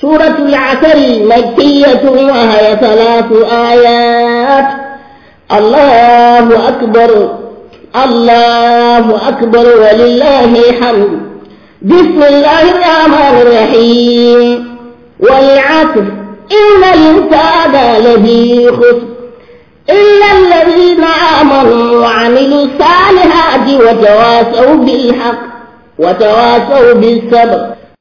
سورة العسل مكية وهي ثلاث آيات الله أكبر الله أكبر ولله الحمد بسم الله الرحمن الرحيم والعصر إن الإنسان لفي خسر إلا الذين آمنوا وعملوا الصالحات وتواصوا بالحق وتواصوا بالصبر